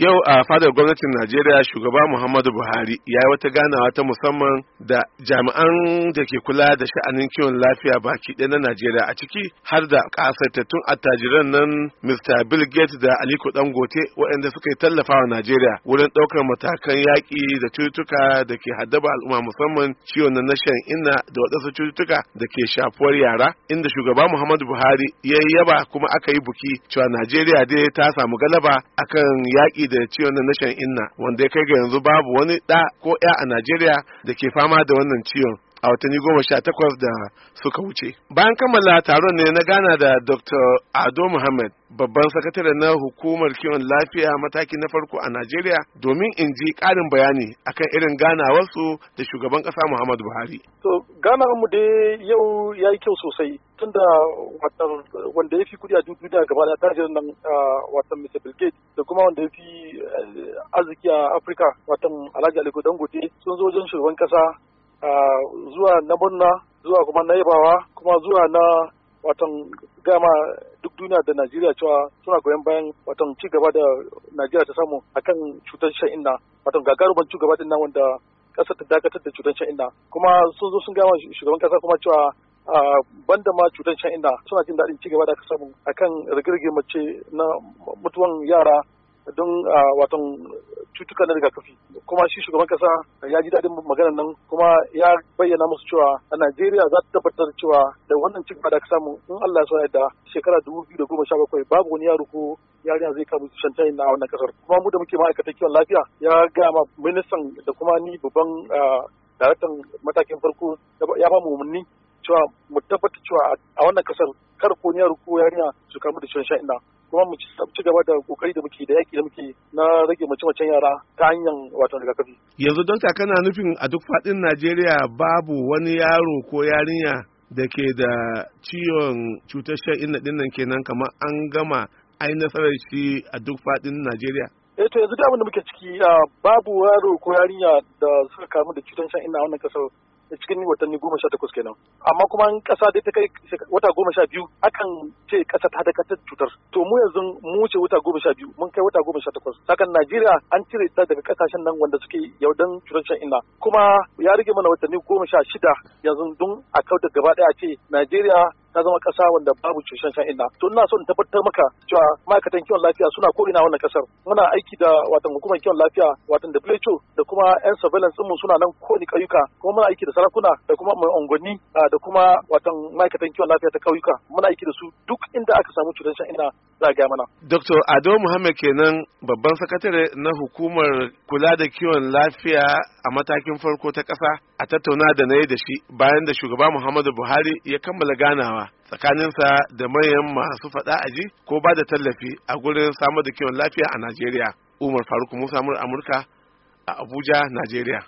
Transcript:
Yau a fadar gwamnatin Najeriya shugaba Muhammadu Buhari ya yi wata ganawa ta musamman da jami'an da ke kula da sha'anin kiwon lafiya baki ɗaya na Najeriya a ciki har da kasaitattun attajiran nan Mr. Bill Gates da Aliko Dangote waɗanda suka yi tallafa wa Najeriya wurin ɗaukar matakan yaƙi da cututtuka da ke haddaba al'umma musamman ciwon na shan inna da waɗansu cututtuka da ke shafuwar yara inda shugaba Muhammadu Buhari ya yaba kuma aka yi buki cewa Najeriya dai ta samu galaba akan yaƙi yaƙi da ciwon na shan inna wanda ya kai ga yanzu babu wani ɗa ko ya a Najeriya da ke fama da wannan ciwon a watanni goma sha takwas da suka wuce. Bayan kammala taron ne na gana da Dr. Ado Muhammad babban sakatare na hukumar kiwon lafiya mataki na farko a Najeriya domin in ji ƙarin bayani akan irin ganawarsu da shugaban ƙasa Muhammadu Buhari. To ganawar mu dai yau ya yi kyau sosai tunda da wanda ya fi kudi a duniya gaba da tajirin nan watan Mr. Bill Gates da kuma wanda ya fi eh, arziki a Afirka watan Alhaji Aliko Dangote sun zo wajen shugaban ƙasa zuwa na murna zuwa kuma na yabawa kuma zuwa na watan gama duk duniya da Najeriya cewa suna goyon bayan watan ci gaba da Najeriya ta samu akan cutar shan inna watan gagarumin ci gaba din nan wanda kasar ta dakatar da cutar shan inna kuma sun zo sun gama shugaban kasa kuma cewa banda ma cutar shan inna suna jin daɗin ci gaba da aka samu akan rigirgi mace na mutuwan yara don watan cutuka na rigakafi kuma shi shugaban kasa ya ji daɗin magana nan kuma ya bayyana musu cewa a Najeriya za ta tabbatar cewa da wannan cikin da aka samu in Allah ya da shekara dubu biyu da goma sha bakwai babu wani yaro ko yarinya zai kamu shantayin na wannan kasar kuma mu da muke ma'aikatan kiwon lafiya ya gaya ma ministan da kuma ni babban daraktan matakin farko ya ba mu umarni cewa mu tabbata cewa a wannan kasar kar ko yaro ko yarinya su kamu da ciwon sha'ina kuma mu ci gaba da kokari da muke da yaki da muke na rage mace-macen yara ta hanyar wato rigakafi. Yanzu don kana nufin a duk faɗin Najeriya babu wani yaro ko yarinya da ke da ciwon cutar sha'ina ɗin nan kenan kamar an gama ai nasarar shi a duk faɗin Najeriya. eh to yanzu da abin muke ciki ah, babu yaro ko yarinya da suka kamu da cutar sha'ina a wannan kasar cikin watanni goma sha takwas kenan amma kuma in ƙasa dai ta kai wata goma sha biyu akan ce ƙasa ta dakatar cutar to mu yanzu mu wuce wata goma sha biyu mun kai wata goma sha takwas sakan Najeriya an cire ta daga ƙasashen nan wanda suke yaudan cutar shan inna kuma ya rage mana watanni goma sha shida yanzu don a kauda gaba ɗaya ce Najeriya ta zama ƙasa wanda babu cutar shan inna to ina so in tabbatar maka cewa ma'aikatan kiwon lafiya suna ko ina wannan ƙasar muna aiki da watan hukumar kiwon lafiya watan da kuma yan surveillance mu suna nan kowane ƙauyuka kuma muna aiki da sarakuna da kuma mai unguwanni da kuma watan ma'aikatan kiwon lafiya ta kauyuka, muna aiki da su duk inda aka samu cutar shan ina za a gaya mana. Dr. Ado Muhammad kenan babban sakatare na hukumar kula da kiwon lafiya a matakin farko ta ƙasa a tattauna da na yi da shi bayan da shugaba Muhammadu Buhari ya kammala ganawa tsakaninsa da manyan masu faɗa aji ko ba da tallafi a gurin samar da kiwon lafiya a Najeriya. Umar Faruk Musa Amurka a Abuja, Najeriya.